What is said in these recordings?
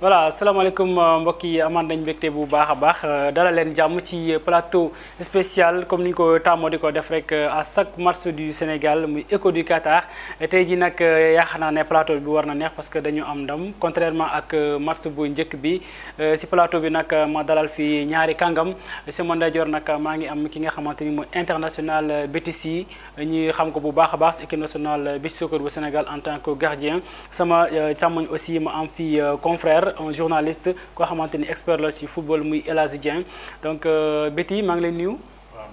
voilà assalamualaikum euh, mbokk yi amaan bu baax a baax euh, dala leen jàmm ci plateau spécial comme ni ko di Senegal def rek euh, à chaque match du Sénégal muy écho du Qatar tey ji nag yaakaar naa ne plateau bi war neex parce que dañu am ndam contrairement ak bu njëkk bi si plateau bi nag ma dalal fi ñaari kangam. sama ndeyjoor nak mangi ngi am ki nga xamante ni international BTC, ñi xam ko bu baax a baax équipe nationale beach soccer bu Sénégal en tant que gardien sama càmmoñ aussi ma am fi confrère un journaliste quoi, est expert la football et El donc euh, Betty maa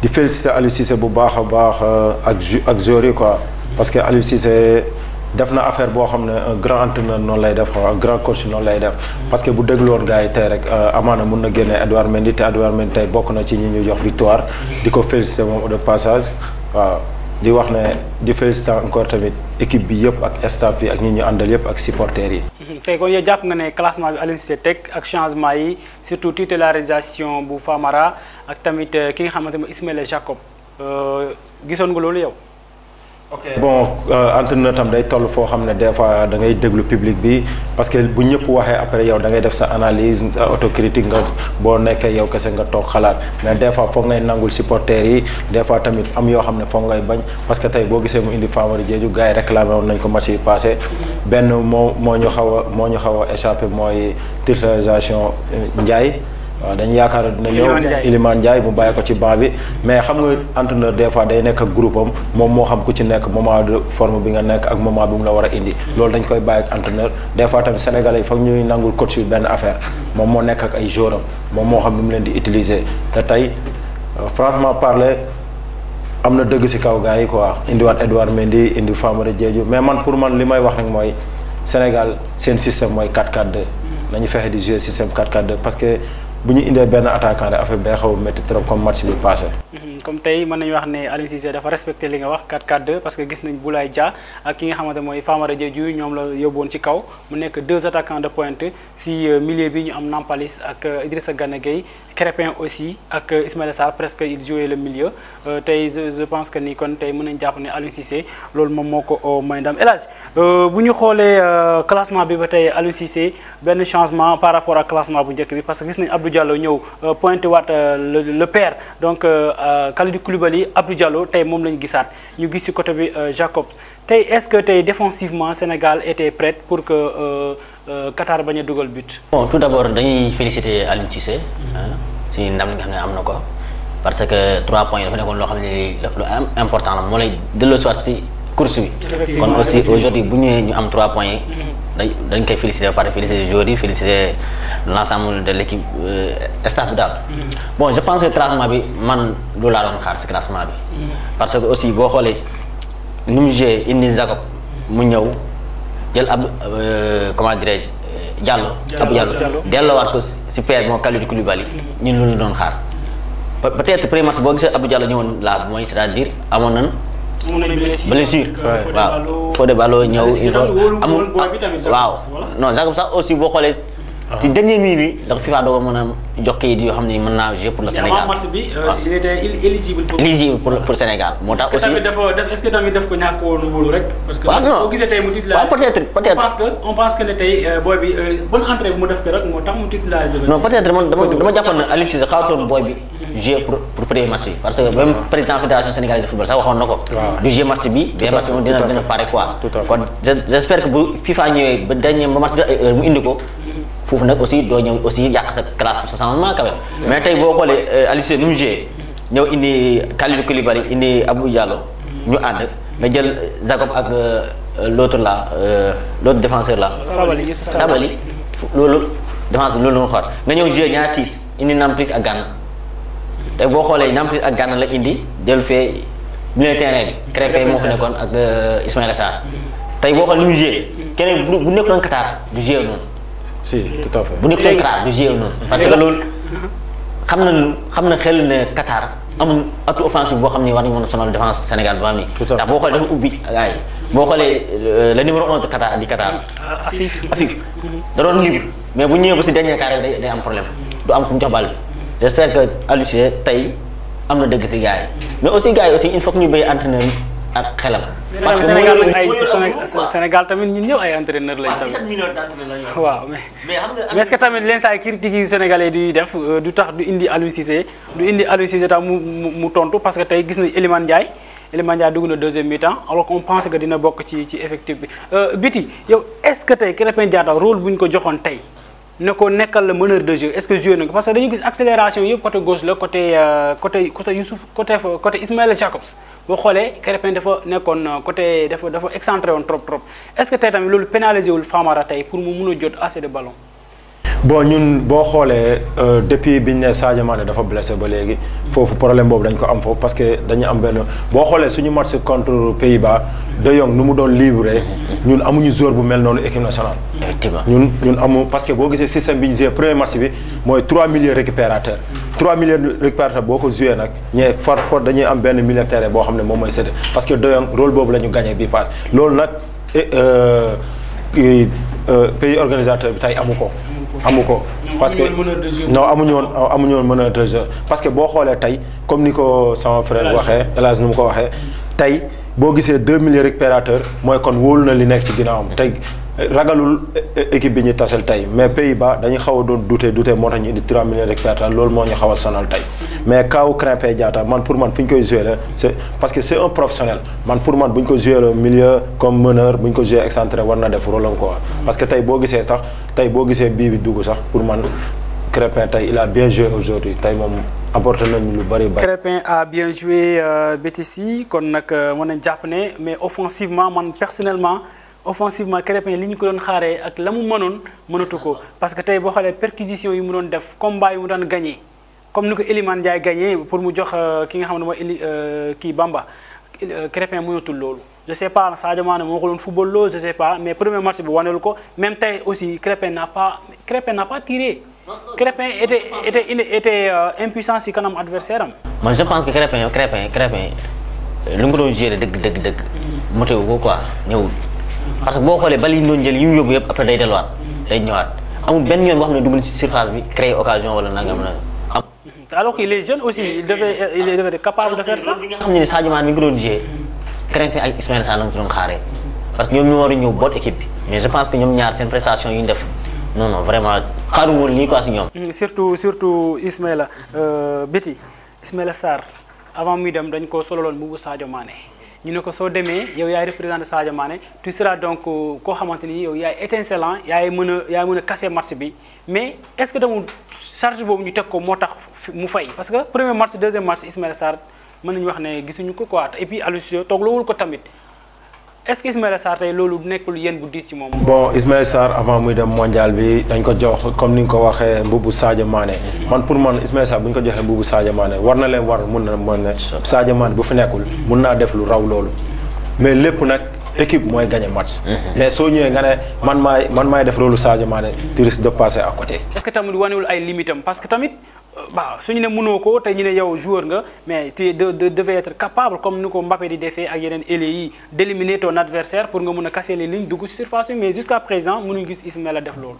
di féliciter Aliou Cissé bu baax a baax euh, ak ak joueurs quoi parce que Aliou Cissé def na affaire boo xam ne un grand entraîneur noonu lay def un grand coach noonu lay def parce que bu dégluwoon gars yi tey rek euh, amaana mun na génne Edouard Mendy te Edouard Mendy tey bokk na ci ñi ñu jox victoire di ko féliciter moom de passage waaw di wax ne di féliciter encore tamit équipe bi yëpp ak staff bi ak ñi ñu àndal yëpp ak supporters yi. tey kon yow jàpp nga ne classement bi Aliou Cissé teg ak changement yi surtout titularisation bu Famara. ak tamit euh, ki nga xamante ne Ismaïla Jacob euh, gisoon nga loolu yow. ok bon entraîneur euh, tam day toll foo xam ne des fois da ngay déglu public bi parce que bu ñëpp waxee après yow da ngay def sa analyse sa autocritique nga boo nekkee yow kese nga toog xalaat mais des fois foog ngay nangul supporters yi des fois tamit am yoo xam ne foog ngay bañ parce que tey boo gisee mu indi Famara Diédhiou gars yi réclamé woon nañ ko match yi passé benn moo moo ñu xaw a moo ñu xaw a échappé mooy titularisation Ndiaye waaw dañu yaakaar dina ñëw Iliman Ndiaye mu bàyyi ko ci banc bi mais xam nga entraîneur des fois day nekk ak moom moo xam ku ci nekk moment de forme bi nga nekk ak moment bi mu la war a indi loolu dañ koy bàyyi ak entraîneur des fois tamit sénégalais yi foog ñuy nangul coach yu benn affaire moom moo nekk ak ay joueur moom moo xam ni mu leen di utiliser te tey euh, franchement parler am na dëgg ci kaw gaa yi quoi indiwaat Edouard Mendy indi Famara jeeju mais man pour man li may wax rek mooy Sénégal seen système mooy 4-4-2 nañu di jouer système 4 4 parce que bu ñu indee benn attaquant rek affaire bi day xaw a trop comme match bi passé. Mhm. comme tay mën nañu wax né Aliou Cissé dafa respecter li nga wax 4-4-2 parce que gis nañ Boulaye Dia ak ki nga xamanté moy Famara Diédhiou ñom la yobone ci kaw mu nekk deux attaquants de pointe si euh, milieu bi ñu am Nampalis ak euh, Idrissa Gana Gueye Crépin aussi ak euh, Ismaël Sarr presque il jouait le milieu tay je pense que ni kon tay mën nañ japp né Aliou Cissé lool mom moko ko may ndam El euh, bu ñu xoolee classement bi ba tay Aliou Cissé ben changement par rapport au classement bu njëkk bi parce que gis nañ Abdou Diallo ñëw pointe waat le père donc. Kalidou Koulibaly Abdou Diallo tay mom lañu gissat ñu giss ci côté bi euh, Jacobs tay est-ce que Tay défensivement Sénégal était prête pour que euh, euh, Qatar bañ dougal but. bon tout d'abord dañuy féliciter Aliou Cissé. Hein, ci ndam nga xam ne ko. parce que trois points dafa nekkoon lo xamné lu am important la moo lay delloo si waat course bi. kon aussi aujourd'hui bu ñëwee ñu am trois points dañ dañ koy féliciter par féliciter joueurs yi féliciter de l'équipe euh, staff bi daal. Mm-hmm. bon je pense que classement bi man loolu laa doon xaar si classement bi. Mm-hmm. parce que aussi boo xoolee nu mu indi Jacob mu ñëw jël ab euh, comment dirais-je euh, Diallo. ab Diallo delloowaat ko si père moo Kalidou Koulibaly mm-hmm. ñun loolu la doon xaar peut-être premier match boo gisee Abdou Diallo ñëwoon laa mooy cest amoon nañ. blessure waaw Fodé Ballo ñëw il faut amul waaw non Jacob sax aussi boo xoolee ci ah. dernier minute bi da ko FIFA doo ko mën a jox yoo xam ne mën naa jouer pour le Sénégal. match euh, éligible pour. éligible Sénégal moo tax aussi. est-ce que ko ñàkk woon wóolu rek. parce que boo gisee tey mu titularisé peut parce que on pense que ne tey euh, booy bi euh, bonne entrée bu mu def ko dama dama jàppoon ne booy bi. jouer pour pour premier parce que même président fédération sénégalaise de football sax waxoon na ko. du jouer match bi. tout match bi moom dina dina pare quoi. kon j' espère que bu FIFA ñëwee ba dernier ba match bi mu indi ko. foofu nag aussi doo ñëw aussi yàq sa classe sa changement quand même. mais tey boo xoolee euh, Aliou nu mu joué ñëw indi Kalidou Koulibaly indi Abou Diallo. ñu ànd nga jël euh, Jacob ak euh, l'autre là l'autre défenseur là. Sabali loolu défense loolu la ñu xool nga ñëw joué ñaar fii indi Nampalys ak Gana. te boo xoolee Nampalys ak Gana la indi jël fee milieu terrain bi. moo fa nekkoon ak euh, Ismaïla Sarr. tey boo xoolee li mu keneen bu bu nekkoon Qatar du joué noonu. si tout à bu nekkoon Qatar du joué noonu. parce que loolu xam na xam na xel ne Qatar. amul atu offensive boo xam ni war nañu mën a sonal défense Sénégal bi ma am ndax boo xoolee dafa ubbi gars yi boo xoolee euh, le numéro 11 de Qatar di Qatar. Afif da doon libre mais bu ñëwee ba si dernier carré day day am problème du am ku j' espère que Aliou tey am na dëgg si gaa yi mais aussi gars yi aussi il faut que ñu béy entraîneur ak xelam. parce que Sénégal ay Sénégal tamit ñu ñëw ay entraîneur lañ tamit. waaw mais. mais est-ce que tamit leen saa critique yi di def euh, du tax du indi Aliou Cissé du indi Aliou Cissé tam mu mu tontu parce que tey gis na Elimane Ndiaye Elimane Ndiaye dugg na deuxième mi-temps alors pense que dina bokk ci ci effectif bi. Euh, Biti yow est-ce que tey Krépin Diatta rôle bu ñu ko joxoon tey. ne ko nekkal le meneur de jeu est-ce que joué na parce que dañu gis accélération côté gauche le côté euh, côté côté Youssouf côté côté Ismaël Jacobs boo xoolee Krépin dafa nekkoon euh, côté dafa dafa excentré woon trop trop est-ce que tu as loolu pénalisé wul Famara tey pour mu mun jot assez de ballon. bon ñun boo xoolee euh, depuis biñ ne Sadio Mané dafa blessé ba léegi foofu problème boobu dañ ko am foofu parce que dañu am benn boo xoolee suñu match contre Pays-Bas De Jong nu mu doon libre ñun amuñu joueur bu mel noonu équipe nationale. effectivement ñun ñun amu parce que boo gisee système bi ñu joué premier bi mooy trois milieux récupérateurs. trois milieux récupérateurs boo ko joué nag ñee fort fort dañuy am benn milieu terrain boo xam ne moom mooy sédd parce que De Jong rôle boobu la ñu gagné bii passe loolu nag euh, euh, pays organisateur bi tey amu ko. amu ko parce que non amuñu woon amuñu woon meneur de parce que boo xoolee tey comme ni ko sama frère waxee hélas nu mu ko waxee tey boo gisee deux mille récupérateur mooy kon wóolu na li nekk ci ginnaawam tey ragalul eh, équipe bi ñu tasal tey mais Pays-Bas dañu xaw a doon douter douter moo tax indi 3 millions de perte loolu moo ñu xaw sonal mais kaaw Krépin jaata man pour man fuñ koy jouer la c'est parce que c'est un professionnel man pour man buñ ko jouer le milieu comme meneur buñ ko jouer excentré war na def rôle quoi parce que tay bo gisee tax tay bo gisee bi bi dugg sax pour man Krépin tay il a bien joué aujourd'hui tay mom apporté nañu lu bari bari. a bien joué euh, Bétissi kon nag euh, mën nañ jàpp mais offensivement man personnellement offensivement Crépin liñ ko doon xaaree ak lamu mënon mënoon mënatu ko parce que tay bo xalé perquisition yi mu doon def combat yi mu daan gagné comme niko Eliman Elimane Ndiaye gagné pour mu jox euh, ki nga xam mo Eli euh, Bamba Crépin euh, mënatul lolu je sais pas sa Mané moo ko doon football lo je sais pas mais premier match bi wanel ko même tay aussi Crépin n'a pas Crépin n'a pas tiré. Crépin était était était impuissant si kanam adversaire Moi, je pense que Crépin Crépin Crépin lu mu doon géré dëgg dëgg dëgg. motewu ko quoi ñëwul. parce que boo xoolee bal yi ñu doon jël yi mu yóbbu yëpp après day delluwaat day ñëwaat amul benn yoon boo xam ne dugal ci surface bi créer occasion wala nangam nangam. alors nga xam ne Sadio Mané mi ngi doon jouer Krépin ak Ismaïla Sarr la ñu doon xaaree parce que ñoom ñu war ñëw boot équipe mais je pense que ñoom ñaar seen prestation yi ñu def. non non vraiment xaaruwul nii quoi si ñoom. Mm, surtout surtout Ismaïla euh, Biti Ismaïla Sarr avant muy dem dañ ko sololoon mbubu Sadio Mané. ñu ne ko so démé yow yaay représenté Sadio Mané tu seras donc ko xamanteni yow yaay étincelant yaay mëna yaay mëna casser match bi mais est-ce que tamit charge bobu ñu tek ko motax mu fay parce que premier match deuxième match Ismaël Sarr mënañ wax né gisunu ko quoi et puis Aliou Cissé ko tamit est-ce que Ismaïla Sarr tey loolu nekkul yéen bu diis ci moom. bon Ismaïla Sarr avant muy dem mondial bi dañ ko jox comme ni nga ko waxee mbubu Sadio Mané man pour man Ismaïla Sarr bu ñu ko joxee mbubu Sadio Mané war na leen war mun na mën ne Sadio Mané bu fi nekkul mun naa def lu raw loolu mais lépp nag équipe mooy gagné match. Mhm. mais soo ñëwee nga ne man maay man maay def loolu Sadio Mané tu risques de passer à côté. est que tamit wanewul ay limitam tamit. bah su ñu ne mënoo ko te ñu yow joueur nga mais tu de devais être capable comme nous ko Mbappé di defee ak yeneen ailier d'éliminer ton adversaire pour nga mën casser les lignes dugg surface mais jusqu'à présent mënuñ gis Ismaël def loolu.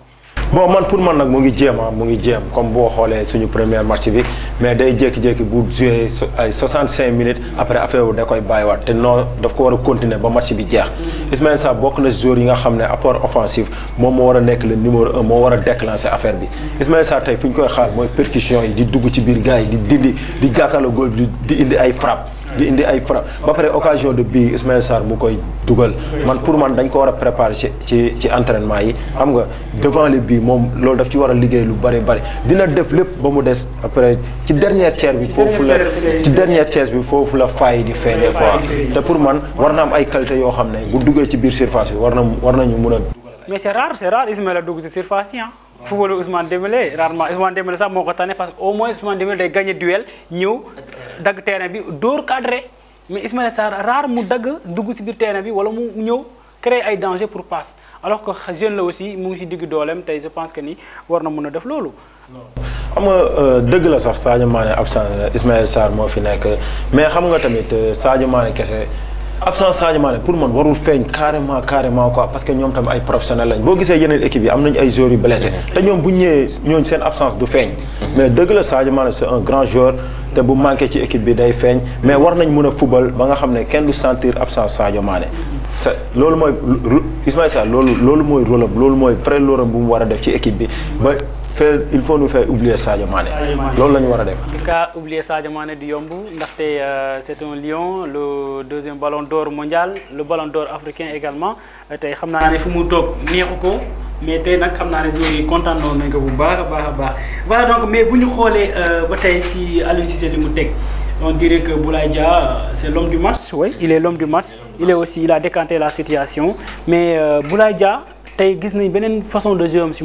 bon man pour man nag mu ngi jéem mu ngi jéem comme boo xoolee suñu première match bi mais day jékki-jékki bu joué ay 65 minutes après affaire wu da koy bàyyiwaat te non daf ko war a continuer ba match bi jeex. Ismaël Sarr bokk na joueur yi nga xam ne apport offensif moom moo war a nekk le numéro moo war a déclencher affaire bi. Ismaël Sarr tey fi ñu koy xaar mooy percussion yi di dugg ci biir gars yi di dindi di jàkkaarloo góol di di indi ay frappe. di indi ay fra ba pare occasion de bii Ismaël Sarr mu koy dugal man pour man dañ ko war a préparer ci ci ci yi xam nga devant le but moom loolu daf ci war a liggéey lu bari bëri dina def lépp ba mu des après ci dernière tiers bi foofu la ci dernière tiers bi foofu la faay di feeñee te pour man war na am ay qualité yoo xam ne bu duggee ci biir surface bi war na war na ñu mun a mais dugg ci surface yi football Ousmane Dembélé rarement Ousmane Dembélé ça moko ko tane parce que au moins Ousmane Dembélé day gagner duel ñeu dagg terrain bi dóor cadré mais Ismaël Sarr rare mu dagg dugg ci biir terrain bi wala mu ñeu créer ay danger pour passe alors que jeune la aussi mu ci dig dolem tay je pense que ni warna mëna def lolu xam nga euh, dëgg la sax Sadio Mané absent Ismaël Sarr mo fi nek mais xam nga tamit euh, Sadio Mané kessé absence Sadio Mané pour man warul feeñ carrément carrément quoi parce que ñoom tam ay professionnel lañ boo gisee yeneen équipe yi am nañu ay joueurs yu blessé te ñoom bu ñëwee ñooñu seen absence du feeñ. Mm-hmm. mais dëgg la Sadio Mané c'est un grand joueur te bu manqué ci équipe bi day feeñ mais war nañ mën a fubal ba nga xam ne kenn du sentir absence Sadio Mané. sa loolu mooy Ismaïla Sarr loolu loolu mooy rôle am loolu mooy vrai rôle bu mu war a def ci équipe bi faire il faut nous faire oublier ça Mané. loolu la ñu def. en tout cas oublier ça Mané du yomb ndaxte euh, c' un lion le deuxième ballon d'or mondial le ballon d'or africain également euh, tey xam naa ne fu mu mais tey nag xam naa ne joueurs yi kontaan nañ bu baax voilà donc mais bu ñu xoolee euh, ba tey ci Aliou Cissé li mu on dirait que Boulaye Dia l'homme du match oui il est l'homme du match il est aussi il a décanté la situation mais Boulaye Dia tey gis nañ beneen façon de jeu am si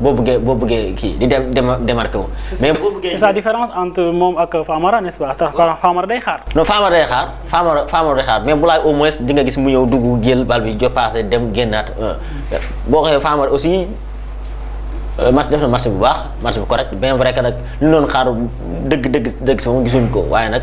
boo bëggee boo bëggee kii di démarqué wu. mais c'est sa différence entre moom ak Famara nest pas Famara day xaar. non Famara day xaar Famara Famara day xaar mais Boulaye au moins di nga gis mu ñëw dugg jël bal bi joppaase dem génnaat euh. boo xoolee Famara aussi. Euh, match def na match bu baax match bu correct bien vrai que nag lu ñu xaar xaaru dëgg dëgg dëgg sama gisuñ ko waaye nag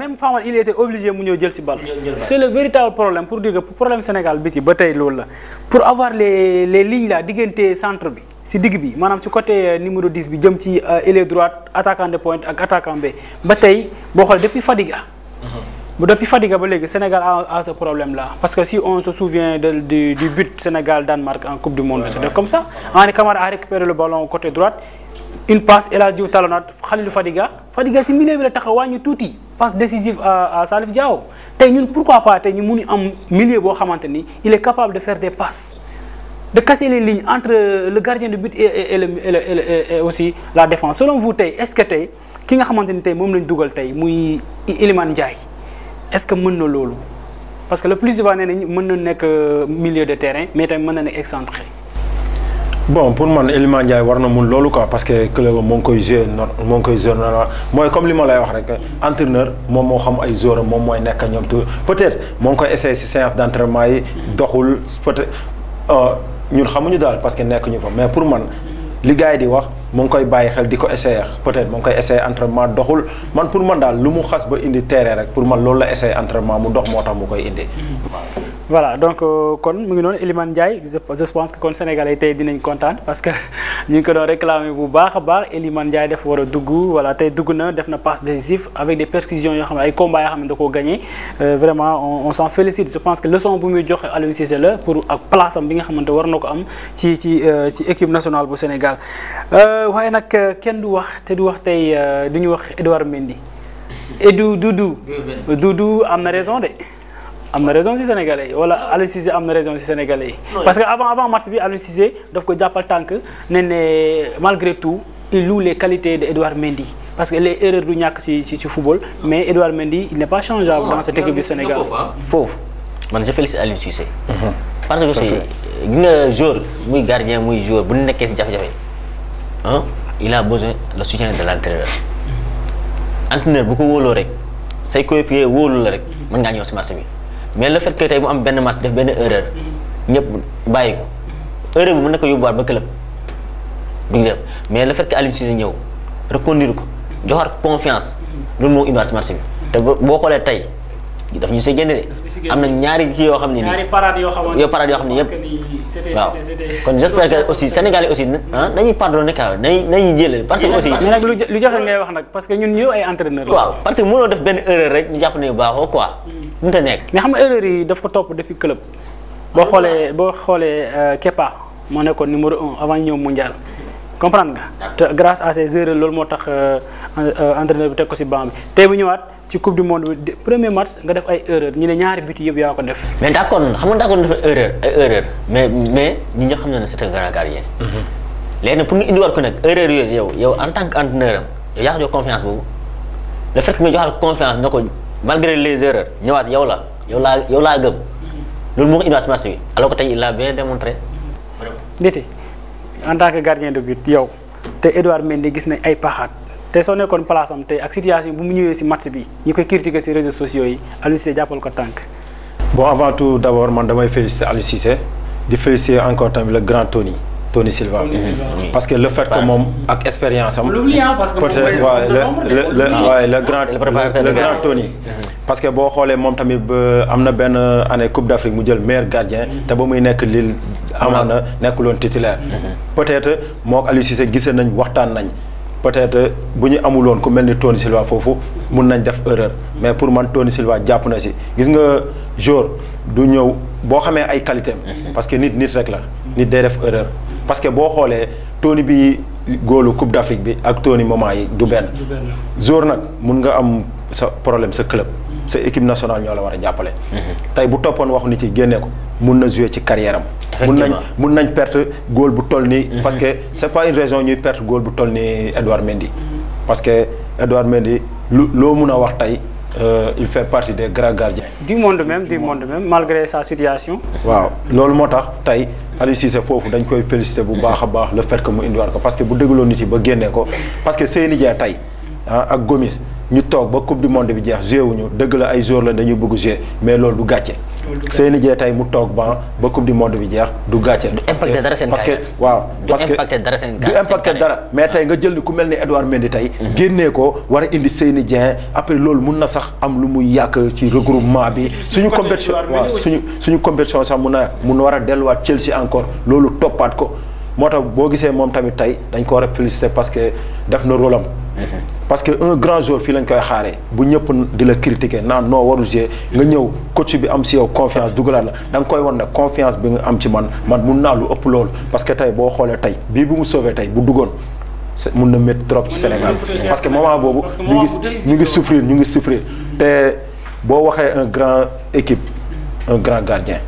il était obligé de prendre le ballon. bal c'est le véritable problème pour dire que problème Sénégal c'est pour avoir les les lignes là diggante centre bi si dig bi manam ci côté euh, numéro 10 bi jëm ci euh, ailier droite attaquant de pointe ak attaquant B ba tey boo depuis Fadiga mhm. depuis Fadiga ba légui Sénégal a, ce problème là parce que si on se souvient de, du, du but Sénégal Danemark en Coupe du Monde ouais, comme ça un camarade a récupéré le ballon côté droite une passe El Hadji Diouf Khalilou Fadiga Fadiga si milieu bi la taxaw wàññi touti passe décisive à à Salif Diao ñun pourquoi pas tey ñu mënu am milieu boo il est capable de faire des passes de casser les lignes entre le gardien de but et et, le, et, et aussi la défense selon vous est-ce que tey ki nga xamante ni tey moom lañ dugal tey muy Iliman est-ce que mën na parce que le plus souvent nee nañ milieu de terrain mais tamit mën na excentré bon pour man Iliman Ndiaye war na mun quoi parce que que moo ngi koy joué nor moo ngi comme li ma lay wax rek entraîneur moom moo xam ay joueurs moom mooy nekk ñoom tout peut-être moo ngi koy essayé si séance d'entraînement yi doxul peut-être euh, ñun xamuñu daal parce que nekk ñu fa mais pour man li gars di wax mu koy baye xel diko ko essayer peut-être mu koy essayer entraînement doxul man pour man daal lu mu xas ba indi terrain rek pour man loolu la essayer entraînement mu dox moo mu koy indi. voilà donc euh, kon mu ngi noonu Iliman Ndiaye je pense que kon sénégalais tay dinañ kontaan parce que ñu ko do réclamer bu baax baax Eliman Ndiaye def wara duggu voilà tay dugg na def na passe décisif avec des percussions yo xam ay combat yo xam da ko gagner euh, vraiment on, on s'en félicite je pense que leçon bu muy joxe Aliou Cissé la pour ak place am bi nga xamante war nako am ci ci euh, ci équipe nationale bu Sénégal. Euh, euh, waaye nak euh, ken du wax te du wax tay euh, duñu wax Edouard Mendy. Edou Doudou. Doudou am raison dé am raison si sénégalais wala Aliou Cissé am raison si sénégalais parce que avant avant match bi Aliou Cissé daf ko jappal malgré tout il loue les qualités d'Edouard Mendy parce que les erreurs du ñak si si football mais Edouard Mendy il pas changeable dans cette équipe du Sénégal. Hein. foofu man je félicite Alain Cissé. Mhm. parce que si gis joueur muy gardien muy joueur bu nekkee si ah il a besoin le soutien de l'entraîneur. entraîneur bu ko wóoloo rek say coéquipier wóolu la rek mën ngaa ñëw si marché bi mais le fait que tey mu am benn match def benn erreur ñëpp bàyyi ko erreur bi mën na ko yóbbuwaat ba club bi ngi def mais le fait que Aliou Cissé ñëw reconduire ko joxaat confiance loolu moo image marché bi te boo xoolee tey. daf ñu si génne am na ñaari kii yoo xam ne ñaari parade yoo xam ne parade yoo xam ne yëpp waaw kon j' espère que aussi sénégalais aussi ah nañuy pardonné kaw nañ nañu jëlal parce que aussi nag lu joxe ngay wax nag parce que ñun ñëw ay entraîneur la waaw parce que mënoo def benn erreur rek ñu jàpp ne baaxoo quoi hmm. mënta nekk mais xam nga erreur yi daf ko topp depuis club boo xoolee boo xoolee euh, Kepa moo nekkoon numéro un avant ñëw mondial comprendre nga grâce à ces erreurs loolu moo euh, euh, entraîneur bi teg ko si banc bi tey bu ñëwaat ci coupe du monde bi premier match nga def ay erreur ñu ne ñaari but yëpp yaa ko def. mais d' accord xam nga d' accord dafa ay erreur mais ñi nga xam ne c' est grand gardien. Mhm. léegi nag pour ñu ko nag erreur yooyu yow yow en tant que entraîneur am boobu le fait que nga joxaat na ko malgré les ñëwaat yow la yow laa yow laa gëm. loolu moo ko indiwaat si match bi alors que tey il a bien démontré. vraiment en tant que gardien de but yow te Edouard Mendy gis nañ ay paxaat. te soo nekkoon place am tey ak situation bu mu ñëwé ci match bi ñi koy critiquer ci réseaux sociaux yi Aliou Cissé jàppal ko tank bon avant tout d'abord man damay féliciter Aliou Cissé di féliciter encore tamit le grand Tony. Tony Silva. Tony Silva. Mhm. parce que le fait que bah. mom ak expérience am. Hein, peut-être waaye le le waaye le grand le grand Tony. Mhm. parce que bo xolé mom tamit amna ben année Coupe d'Afrique mu jël meilleur gardien. Mhm. té ba muy nekk Lille amoon na nekkuloon titulaire. peut-être mok ak Cissé gissé nañ waxtaan nañ. peut-être bu ñu amuloon ku mel ni Tony Silva foofu mun nañ def erreur mais pour man Tony Silva jàpp na si gis nga jour du ñëw boo xamee ay qualité mhm. parce que nit nit rek la nit day def erreur parce que boo xoolee Tony bi góolu Coupe d'Afrique bi ak Tony moment yi du benn jour nag mun nga am sa problème sa club c'est équipe nationale ñoo la war mhm. tay bu topone waxu ni ci génné ko mun na jouer ci carrière am. mun nañ mun nañ perte goal bu toll ni mhm. parce que c'est pas une raison ñuy perte goal bu toll ni Edouard Mendy. parce que Edouard Mendy lo mëna wax tay Euh, il fait partie des grands gardiens. du monde même du monde même malgré sa situation. waaw lool motax tay Ali Cissé fofu dañ koy féliciter bu baax baax le fait que mu indiwaat ko parce que bu dégluwoon nit yi ba génné ko parce que Seyni Dieng tey ah, ak Gomis ñu toog ba coupe du monde bi jeex joué wuñu dëgg la ay joueurs la dañu bëgg joué mais loolu du gàcce. Seyni Dieng tey mu toog ban ba coupe du monde bi jeex du gàcce. du impacté dara seen parce que waaw. parce que du impacté dara seen du impacté dara mais tey nga jël ni ku mel ni Edouard Mendy tey. Mhm. génnee ko war a indi seeni Dieng après loolu mun na sax am lu mu yàq ci regroupement bi. suñu compétition waaw suñu suñu compétition sax mun na mun war a delluwaat Chelsea encore loolu toppaat ko moo tax boo gisee moom tamit tey dañ ko war a féliciter parce que def na rôle parce que un grand joueur fi lañ koy xaré bu ñëpp di la critiquer nan no waru jé nga ñëw coach bi am ci yow confiance dugalaat la da nga koy wan confiance bi nga am ci man man mun lu ëpp lool parce que tay bo xolé tay bi bu mu sauvé tay bu duggoon mun na métti trop ci Sénégal parce que moment bobu ñu ngi ñu ngi souffrir ñu ngi souffrir té bo waxé un grand équipe un grand gardien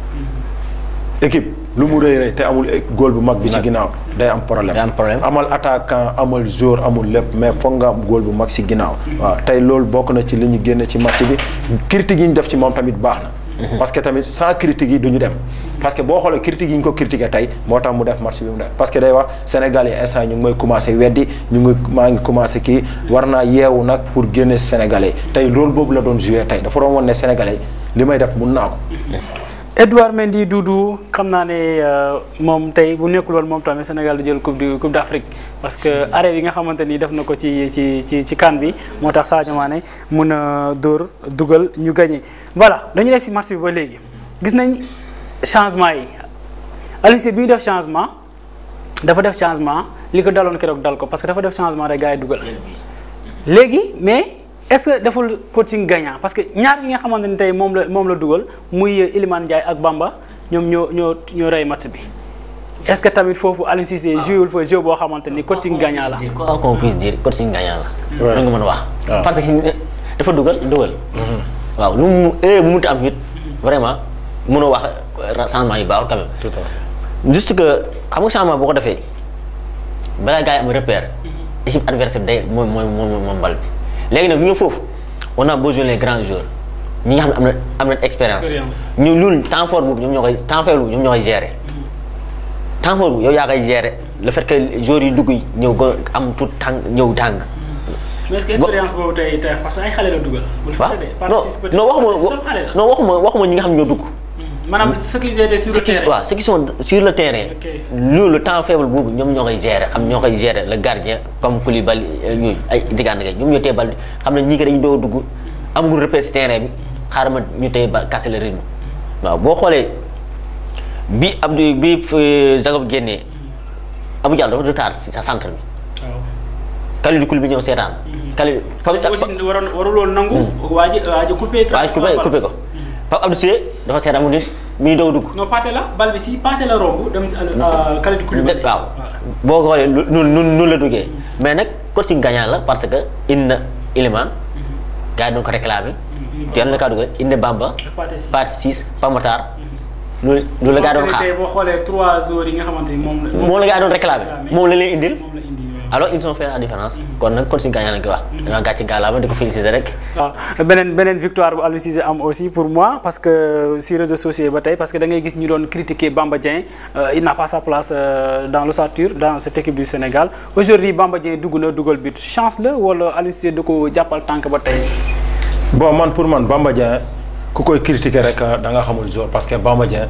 équipe lu mu rëy rëy te amul góol bu mag bi ci ginnaaw day am problème amal attaquant amal joueur amul lépp mais foog nga am góol bu mag si ginnaaw waaw tey loolu bokk na ci li ñu génne ci match bi critique yi ñu def ci moom tamit baax mhm. parce que tamit sans critique yi du ñu dem parce que boo xoolee critique yi ñu ko critiqué tey moo tax mu def match bi mu parce que day wax Sénégal yi instant ñu ngi may commencé weddi ñu ngi maa ngi commencé kii war naa yeewu nag pour génne Sénégalais tey loolu boobu la doon joué tey dafa doon woon ne Sénégalais li may def mun naa ko mhm. Edouard du du xam naa ne euh, moom tey bu nekkul woon moom tamit Sénégal du jël coupe du coupe d' Afrique parce que arrêt yi nga xamante ni def na ko ci ci ci ci kan bi moo tax Sadio Mané mën a dóor dugal ñu gagné. voilà dañu des si match bi ba léegi gis nañ changement yi Aliou bi ñu def changement dafa def changement li ko daloon keroog dal ko parce que dafa def changement rek gars yi dugal léegi mais. est-ce que deful coaching gagnant parce que ñaar yi nga xamante ni tey moom la moom la dugal muy Iliman Ndiaye ak Bamba ñoom ñoo ñoo ñoo rey match bi est-ce que tamit foofu Aliou Cissé ah. joué fa jeu boo xamante ni coaching gagnant la. quoi qu'on puisse dire coaching gagnant la. loolu nga wax. Ah. parce que dafa dugal dugal. Mhm. waaw lu mu erreur bu mu am it vraiment mënoo wax changement yu baaxul quand même. tout à fait que xam nga changement boo ko defee balaa gars yi am repère. Mhm. équipe adversaire day moom mooy moom bi. léegi nag ñu foofu on a besoin les grands joueurs ñinga nga xam ne am na am na expérience. ñu loolu temps fort boobu ñu ñoo koy temps faible boobu ñoom ñoo koy gérer. temps fort boobu yow yaa koy gérer le fait que joueurs yi dugg yi ñëw gën am tout tàng ñëw tàng. mais que expérience boobu tey tey parce que ay xale la dugal. bul ñi nga xam ne dugg. maanaam hmm. ceux qui étaient sur le terrain loolu temps faible boobu ñoom ñoo koy gérer xam ñoo koy gérer le gardien comme Koulibaly euh, ñooñu ay diggante ñoom ñoo téye bal bi xam ne ñii kat dañu doon dugg amul repère si terrain bi xaaral ma ñu téye ba casser le rythme waaw boo xoolee bi Abdou bi euh, Jacob génnee Abou Diallo dafa retard si centre bi. Kalidou Koulibaly ñëw seetaan. Hmm. Kalidou hmm. waa ji waa ji coupé. waaw coupé coupé ko Pape seetaan mu nit. muy daw dugg. non la bal bi si Pathé la romb dem si euh, Kalidou Koulibaly waaw boo ko xoolee nun la duggee. mais nag coach si gagnant la parce que indi na Iliman. Mhm. gars ko réclamé. Mhm. yal na kaa dugal indi Bamba. Pathé 6 Pamatar. Mhm. loolu loolu la gaa doon xaar boo xoolee trois jours yi nga xamante ni moom la. moom la gaa doon réclamé moom la leen indil. alors ils ont fait la différence kon nag kon suñu gagné lañ ko wax dama gàcce gàllaama di ko féliciter rek waaw beneen victoire bu Aliou am aussi pour moi parce que si réseaux sociaux ba tey parce que da ngay gis ñu doon critiquer Bamba Dieng euh, il n'a pas sa place euh, dans l'ossature dans cette équipe du Sénégal aujourd'hui Bamba Dieng dugg dugal but chance la wala Aliou Cissé da ko jàppal tànk ba tey bon man pour man Bamba Dieng ku koy critiquer rek euh, da nga xamul jour parce que Bamba Dieng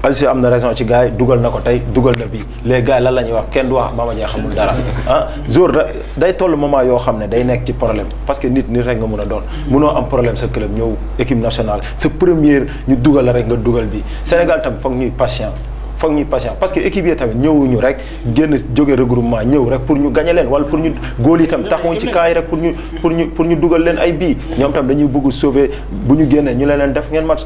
Aliou a a raison gars dougal na na les gars de wax Mama xamul dara hein jour day toll moment day pas ci problème parce que nit nit rek nga doon. am problème sa club équipe nationale la première ñu dougal rek nga bi Sénégal tam patient. foog ñuy patient parce que équipe yi tamit ñëwuñu rek génn jóge regroupement ñëw rek pour ñu gañe leen wala pour ñu góol yi tamit taxawuñ ci cas yi rek pour ñu pour ñu pour ñu dugal leen ay bii ñoom tam dañuy bëgg sauver bu ñu génnee ñu leen leen def ngeen match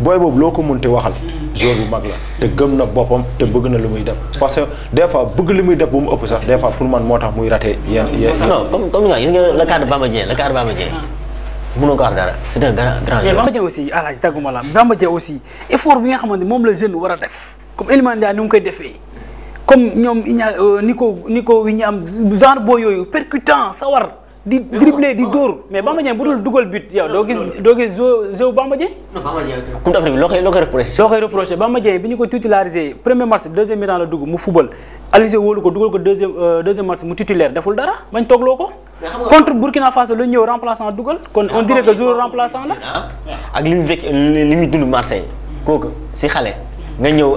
booy boobu loo ko munte waxal joueur bu mag la te gëm na boppam te bëgg na lu muy def parce que des fois bëgg li muy def bu mu ëpp sax des fois pour man moo tax muy raté yenn yenn non comme comme nga gis nga le cas de Bamba Dieng le cas de Bamba Dieng mënoo ko wax dara aussi alaaj dagguma la Bamba Dieng aussi effort bi nga xamante moom la jeune war a def comme il Ndiaye ni mu koy defee comme ñom euh, niko niko wi ñi am genre boy yooyu percutant sawar. di dribblé di dóor mais bama ñe bu dul but yow do gis do gis jeu Bamba Dieng. non bama ñe Coupe d'Afrique bi loo koy loo koy reproché. loo koy reproché Bamba Dieng bi ñu ko titularisé premier match deuxième mi-temps la dugg mu football Aliou Cissé ko dugal ko deuxième euh, deuxième match mu titulaire deful dara bañ toogloo ko. contre Burkina Faso la ñew remplaçant dugal. kon on dirait que jour remplaçant la. Ah. ak li mu fekk dund Marseille kooku si xalé nga ñew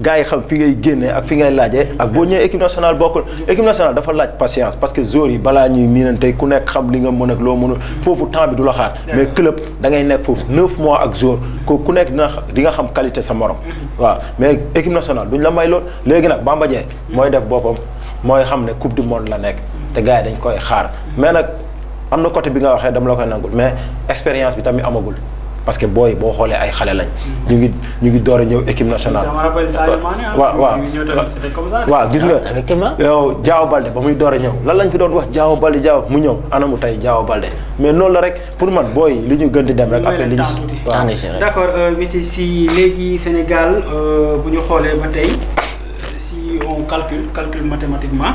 gars yi xam fi ngay génnee ak fi ngay laajee ak boo ñëwee équipe nationale bokkul équipe nationale dafa laaj patience parce que joueurs yi balaa ñuy miinante ku nekk xam li nga mën ak loo mënul foofu temps du la xaar mais club da ngay nekk foofu neuf mois ak joueur ko ku nekk dina di nga xam qualité sa morom mm-hmm. mais équipe nationale duñ la may lool léegi nag Bamba Dieng mooy def boppam mooy xam ne coupe du monde la nekk te gars yi dañ koy xaar mais nag am na côté bi nga waxee dama la koy nangul mais expérience bi tamit amagul parce que boy, bo xolé ay xalé lañ. ñu ngi ñu ngi doore ñew équipe nationale. Hein. waaw waaw wa gis nga. effectivement hein. yow Diao Balde ba muy door a lan lañ fi doon wax Diao Balde Diao mu ñew anamu tay Diao Balde mais non la rek pour man boy li ñu gën di dem rek. après li ñu waaw d'accord Witi euh, si légui Sénégal euh, bu ñu xolé ba tay euh, si on calcule calcule mathématiquement.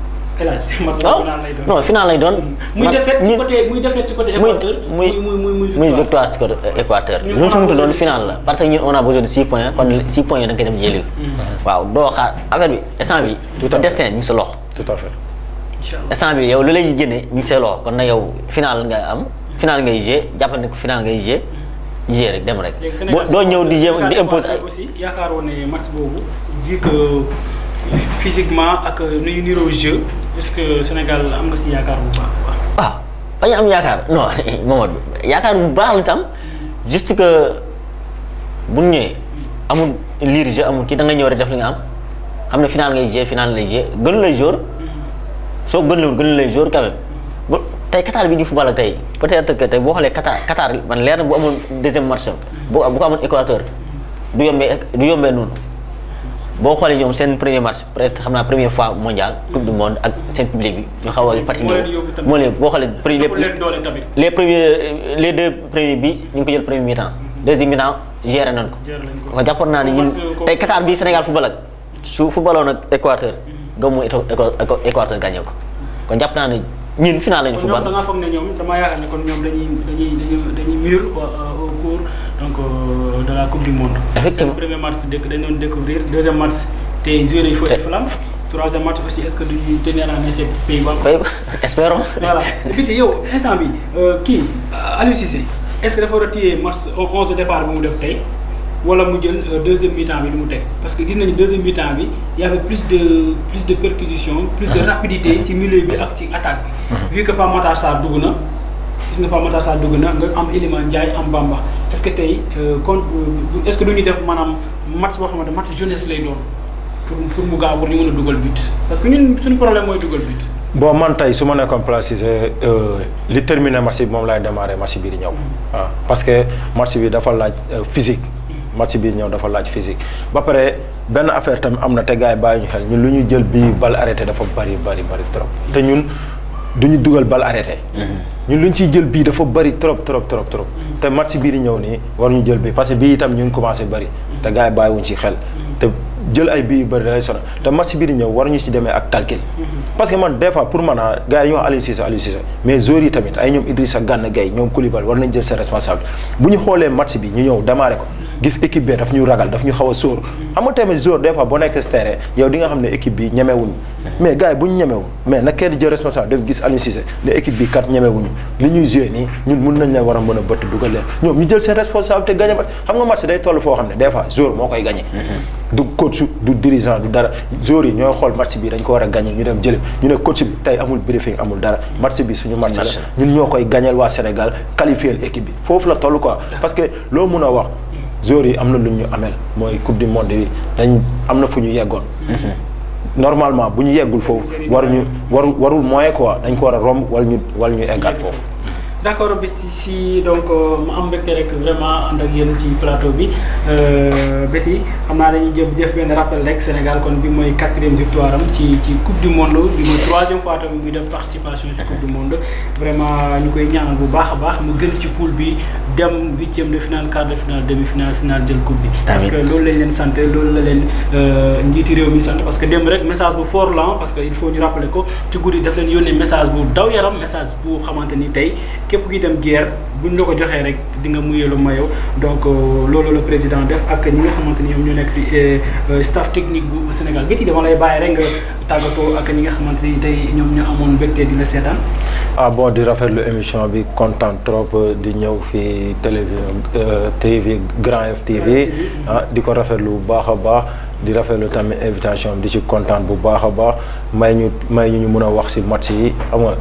hélas match oh, final lay doon non final lay doon hmm. muy défaite ci côté muy défaite ci côté équateur muy muy final la parce que ñun on a besoin de 6 points kon 6 points yi da nga dem jëli waaw doo xaar affaire bi instant bi destin mi ngi sa loxo tout à fait instant bi yow lu lay génne mi ngi sa loxo kon na ya, yow final nga am final ngay jouer jàppal ne ko final ngay jouer jouer rek dem rek doo ñëw di di imposer aussi yaakaaroon ne match boobu vu que physiquement ak euh, nu ñu niroo jeu am nga si yaakaar bu baax ah, bañ am yaakaar no Mamadou yaakaar bu baax la si juste que bu ñëwee amul liir jeu amul kii da nga ñëw rek def li nga am xam ne final ngay jouer final lay jouer gënu jour soo gënul gënu lay jour quand même bu tey Qatar bi ñu football ak tey peut-être que tey boo xoolee Qatar Qatar man leer na bu amul deuxième match bu ko amul Équateur du yombee du noonu. boo xoolee ñoom seen premier match peut-être xam naa première fois mondial coupe du monde ak seen public bi ñu xaw a parti moo boo xoolee les bi ñu ngi jël premier mi-temps deuxième mi-temps géré ko ko naa ne ñun tey Qatar bi Sénégal football ak su footballoon ak Équateur gëmmu Équateur gagné ko kon jàpp naa ne ñun final lañu football da ngaa foog ne ñoom damaa yaakaar ne kon ñoom dañuy dañuy dañuy dañuy mûr euh, au cours euh, Euh, de la coupe du monde. effectivement premier match deuxième match joué flamme. troisième match aussi est-ce que tenir à pays espérons. voilà instant bi euh, c'est. est-ce que euh, départ deuxième mi-temps parce que deuxième mi-temps y avait plus de plus de percussion. plus de mhm. rapidité mhm. ci milieu bi ak attaque mhm. vu que Matar Matar est-ce que tey euh, kon euh, est du ñu def maanaam match boo xamante match jeunesse lay doon pour pour mu gaaw pour ñu mën a dugal but parce que ñun suñu problème mooy dugal but. boo man tey su ma nekkoon place euh, li termine match bi moom laay démarré match bi di ñëw. waaw mm. ah, parce que match bi dafa laaj physique. Mm. match bi ñëw dafa laaj physique ba pare benn affaire tamit am na te gars yi bàyyi ñu xel ñun lu ñu jël bii bal arrêté dafa bari bari bari trop mm. te duñu duggal bal arrêté. ñun luñ ci jël bi dafa bari trop trop trop trop. te match bi di ñëw ni war ñu jël bi parce que bi itam ñu ngi commencé bari te gaay yi wuñ ci xel te. jël ay bii yu bëri da lay sonal te match bii di ñëw war ñu si demee ak calcul. parce que man des pour man ah gars yi wax Aliou Cissé Aliou Cissé mais joueurs yi tamit ay ñoom Idrissa Gana Gueye ñoom Koulibaly war nañ jël seen responsable a sóor xam nga tamit jour des fois boo nekk terrain yow di def gis Aliou Cissé ne équipe bi kat ñemewuñu li ñuy joué nii ñun mun nañ leen war a mën a bëtt dugal leen ñoom ñu jël seen responsabilité gagné match xam nga match day toll foo xam ne des jour moo koy gagné mm-hmm. du coach coach du dirigeant du dara joueurs yi ñooy xool match bi dañ ko war a gagné ñu dem jële ñu ne coach bi tey amul briefing amul dara match bi suñu match la ñun ñoo koy gagneel waa Sénégal qualifier l'équipe bi foofu la toll quoi parce que loo mun a wax joueurs yi am na lu ñu amel mooy coupe du monde bi dañ am na fu ñu yeggoon mhm. normalement bu ñu yeggul foofu waruñu waru warul moyen quoi dañ ko war a romb wala ñu wala foofu d' bi ci si donc euh, mu am mbégte rek vraiment ànd ak yéen ci plateau bi euh, Betty xam naa dañuy jëm def benn rappel rek Sénégal kon bi mooy quatrième victoire am ci ci coupe du monde bi mooy troisième fois tamit muy def participation si coupe du monde vraiment ñu koy ñaanal bu baax a baax mu gën ci poule bi dem huitième de finale quart de finale demi finale finale jël coupe bi. parce que loolu lañ leen sante loolu la leen euh, njiiti réew mi sant parce que dem rek message bu fort la parce que il faut ñu rappeler ko ci guddi daf leen message bu daw yaram message bu xamante ni tey. képp kuy dem guerre buñ la ko joxee rek di nga lu mayo donc euh, loolu la président def ak ñi nga xamante ñu nekk si euh, euh, staff technique bu Sénégal bi ci dama lay bàyyi rek nga tàggatoo ak ñi nga xamante ni tey ñoom ñu amoon mbégte di la seetaan. ah bon di rafetlu émission bi kontaan trop di ñëw fii télévision TV Grand FTV ah di ko rafetlu bu baax a baax. di rafetlu tamit invitation bi di ci kontaan bu baax a baax may ñu may ñu ñu mun a wax si match yi xam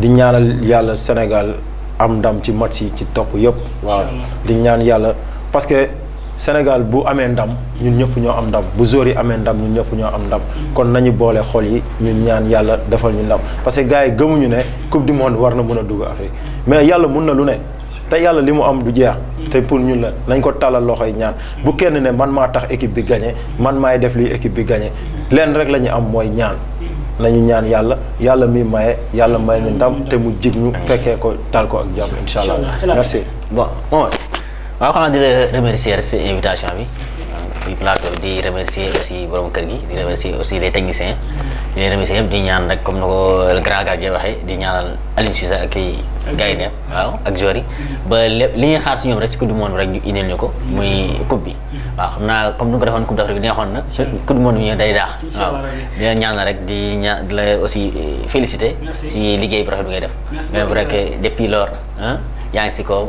di ñaanal yàlla Sénégal am ndam ci match yi ci topp yëpp. waaw di ñaan yàlla parce que Sénégal bu amee ndam ñun ñëpp ñoo am ndam bu joueur yi amee ndam ñun ñëpp ñoo am ndam. Mm. kon nañu boole xol yi ñun ñaan yàlla defal ñu ndam parce que gars yi gëmuñu ne coupe du monde war na mën a dugg Afrique mm. mais yàlla mun na lu ne. te yàlla li mu am du jeex. Mm. te pour ñun la nañ ko tàllal loxoy ñaan bu kenn ne man maa tax équipe bi gagné man maay def lii équipe bi gañe leen rek la ñu am mooy ñaan. nañu ñaan yàlla yàlla mi maye yàlla may ñu ndam te mu jig ñu fekkee ko tal ko ak jàmm incha allah merci bon moom waaw xanaa di la remercier si invitation bi fii di remercier aussi borom kër gi di remercier aussi les techniciens di leen remercier yëpp di ñaan rek comme na ko le grand gardien waxee di ñaanal Aliou Cissé ak kii waaw ak joueurs ba lépp li ñuy xaar si ñoom rek si coupe du monde rek ñu indil ñu ko muy coupe bi waaw xam naa comme ni nga ko defoon coupe d'Afrique bi neexoon na. coupe du monde day daax. waaw dina ñaan na rek di ñaan la aussi féliciter. si liggéey bu rafet bi ngay def. mais vrai que depuis lors yaa si ko.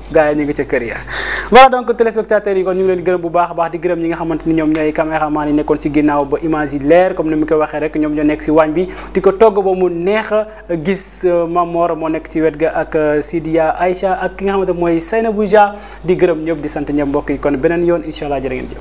gars yi ñu ngi ca kër ya voilà donc téléspectateurs yi kon ñu ngi leen gërëm bu baax baax di gërëm ñi nga xamante ni ñoom ñooy caméraman yi nekkoon ci ginnaaw ba image leer comme ni mu ko waxee rek ñoom ñoo nekk ci waañ bi di ko togg ba mu neex a gis euh, moor moo nekk ci wet ga ak euh, Sidia Aïcha ak ki nga xamante mooy Seynabou Dia di gërëm ñëpp di sant ñëpp mbokk yi kon beneen yoon incha allah jërë ngeen